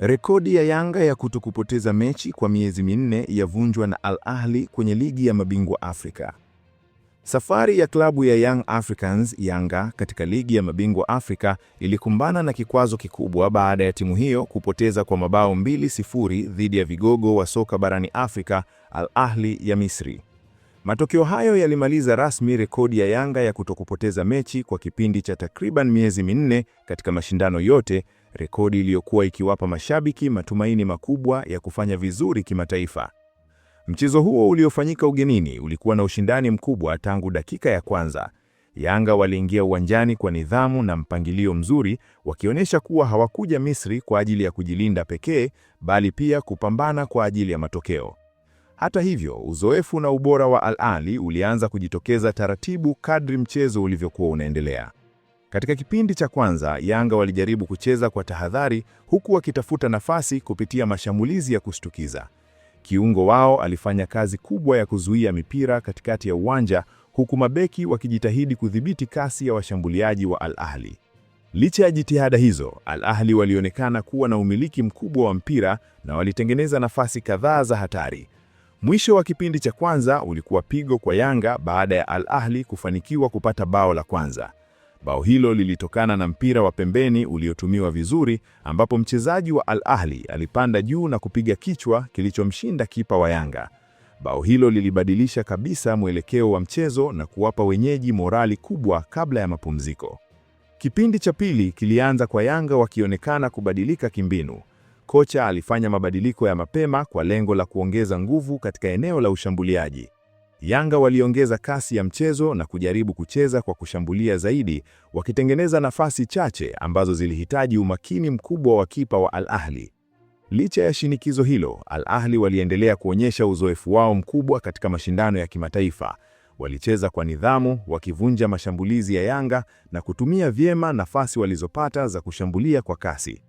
Rekodi ya Yanga ya kutokupoteza mechi kwa miezi minne yavunjwa na Al Ahli kwenye ligi ya mabingwa Afrika. Safari ya klabu ya Young Africans Yanga katika ligi ya mabingwa Afrika ilikumbana na kikwazo kikubwa baada ya timu hiyo kupoteza kwa mabao mbili sifuri dhidi ya vigogo wa soka barani Afrika Al Ahli ya Misri. Matokeo hayo yalimaliza rasmi rekodi ya Yanga ya kutokupoteza mechi kwa kipindi cha takriban miezi minne katika mashindano yote, rekodi iliyokuwa ikiwapa mashabiki matumaini makubwa ya kufanya vizuri kimataifa. Mchezo huo uliofanyika ugenini ulikuwa na ushindani mkubwa tangu dakika ya kwanza. Yanga waliingia uwanjani kwa nidhamu na mpangilio mzuri, wakionyesha kuwa hawakuja Misri kwa ajili ya kujilinda pekee, bali pia kupambana kwa ajili ya matokeo. Hata hivyo, uzoefu na ubora wa Al Ahly ulianza kujitokeza taratibu kadri mchezo ulivyokuwa unaendelea. Katika kipindi cha kwanza, Yanga walijaribu kucheza kwa tahadhari huku wakitafuta nafasi kupitia mashambulizi ya kushtukiza. Kiungo wao alifanya kazi kubwa ya kuzuia mipira katikati ya uwanja huku mabeki wakijitahidi kudhibiti kasi ya washambuliaji wa Al Ahly. Licha ya jitihada hizo, Al Ahly walionekana kuwa na umiliki mkubwa wa mpira na walitengeneza nafasi kadhaa za hatari, Mwisho wa kipindi cha kwanza ulikuwa pigo kwa Yanga baada ya Al Ahli kufanikiwa kupata bao la kwanza. Bao hilo lilitokana na mpira wa pembeni uliotumiwa vizuri ambapo mchezaji wa Al Ahli alipanda juu na kupiga kichwa kilichomshinda kipa wa Yanga. Bao hilo lilibadilisha kabisa mwelekeo wa mchezo na kuwapa wenyeji morali kubwa kabla ya mapumziko. Kipindi cha pili kilianza kwa Yanga wakionekana kubadilika kimbinu kocha alifanya mabadiliko ya mapema kwa lengo la kuongeza nguvu katika eneo la ushambuliaji. Yanga waliongeza kasi ya mchezo na kujaribu kucheza kwa kushambulia zaidi, wakitengeneza nafasi chache ambazo zilihitaji umakini mkubwa wa kipa wa Al Ahli. Licha ya shinikizo hilo, Al Ahli waliendelea kuonyesha uzoefu wao mkubwa katika mashindano ya kimataifa. Walicheza kwa nidhamu, wakivunja mashambulizi ya Yanga na kutumia vyema nafasi walizopata za kushambulia kwa kasi.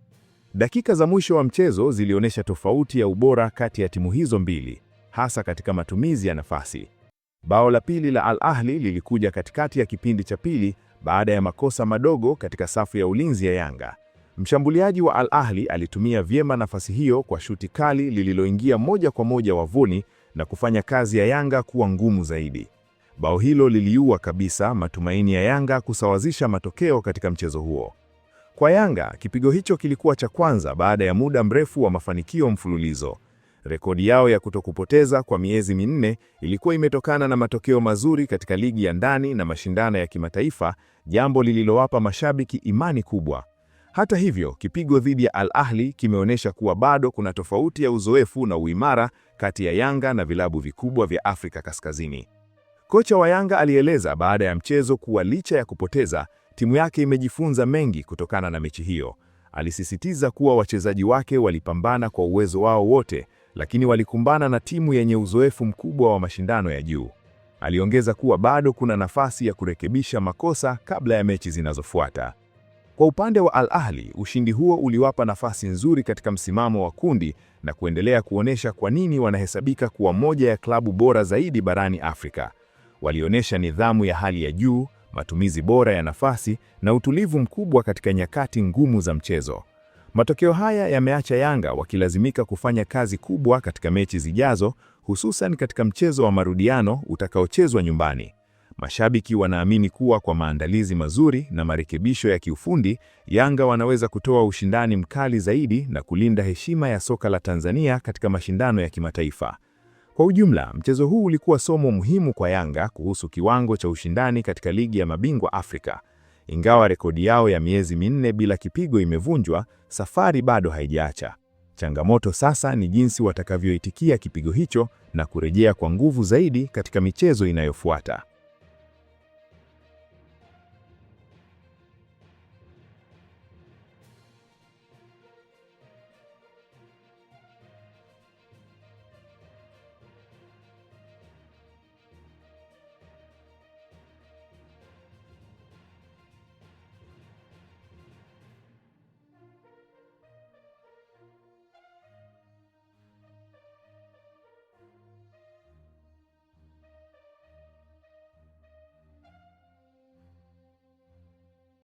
Dakika za mwisho wa mchezo zilionyesha tofauti ya ubora kati ya timu hizo mbili, hasa katika matumizi ya nafasi. Bao la pili la Al Ahli lilikuja katikati ya kipindi cha pili baada ya makosa madogo katika safu ya ulinzi ya Yanga. Mshambuliaji wa Al Ahli alitumia vyema nafasi hiyo kwa shuti kali lililoingia moja kwa moja wavuni na kufanya kazi ya Yanga kuwa ngumu zaidi. Bao hilo liliua kabisa matumaini ya Yanga kusawazisha matokeo katika mchezo huo. Kwa Yanga, kipigo hicho kilikuwa cha kwanza baada ya muda mrefu wa mafanikio mfululizo. Rekodi yao ya kutokupoteza kwa miezi minne ilikuwa imetokana na matokeo mazuri katika ligi ya ndani na mashindano ya kimataifa, jambo lililowapa mashabiki imani kubwa. Hata hivyo, kipigo dhidi ya Al Ahli kimeonyesha kuwa bado kuna tofauti ya uzoefu na uimara kati ya Yanga na vilabu vikubwa vya Afrika Kaskazini. Kocha wa Yanga alieleza baada ya mchezo kuwa licha ya kupoteza Timu yake imejifunza mengi kutokana na mechi hiyo. Alisisitiza kuwa wachezaji wake walipambana kwa uwezo wao wote, lakini walikumbana na timu yenye uzoefu mkubwa wa mashindano ya juu. Aliongeza kuwa bado kuna nafasi ya kurekebisha makosa kabla ya mechi zinazofuata. Kwa upande wa Al Ahly, ushindi huo uliwapa nafasi nzuri katika msimamo wa kundi na kuendelea kuonesha kwa nini wanahesabika kuwa moja ya klabu bora zaidi barani Afrika. Walionyesha nidhamu ya hali ya juu, matumizi bora ya nafasi na utulivu mkubwa katika nyakati ngumu za mchezo. Matokeo haya yameacha Yanga wakilazimika kufanya kazi kubwa katika mechi zijazo, hususan katika mchezo wa marudiano utakaochezwa nyumbani. Mashabiki wanaamini kuwa kwa maandalizi mazuri na marekebisho ya kiufundi, Yanga wanaweza kutoa ushindani mkali zaidi na kulinda heshima ya soka la Tanzania katika mashindano ya kimataifa. Kwa ujumla, mchezo huu ulikuwa somo muhimu kwa Yanga kuhusu kiwango cha ushindani katika ligi ya mabingwa Afrika. Ingawa rekodi yao ya miezi minne bila kipigo imevunjwa, safari bado haijaacha. Changamoto sasa ni jinsi watakavyoitikia kipigo hicho na kurejea kwa nguvu zaidi katika michezo inayofuata.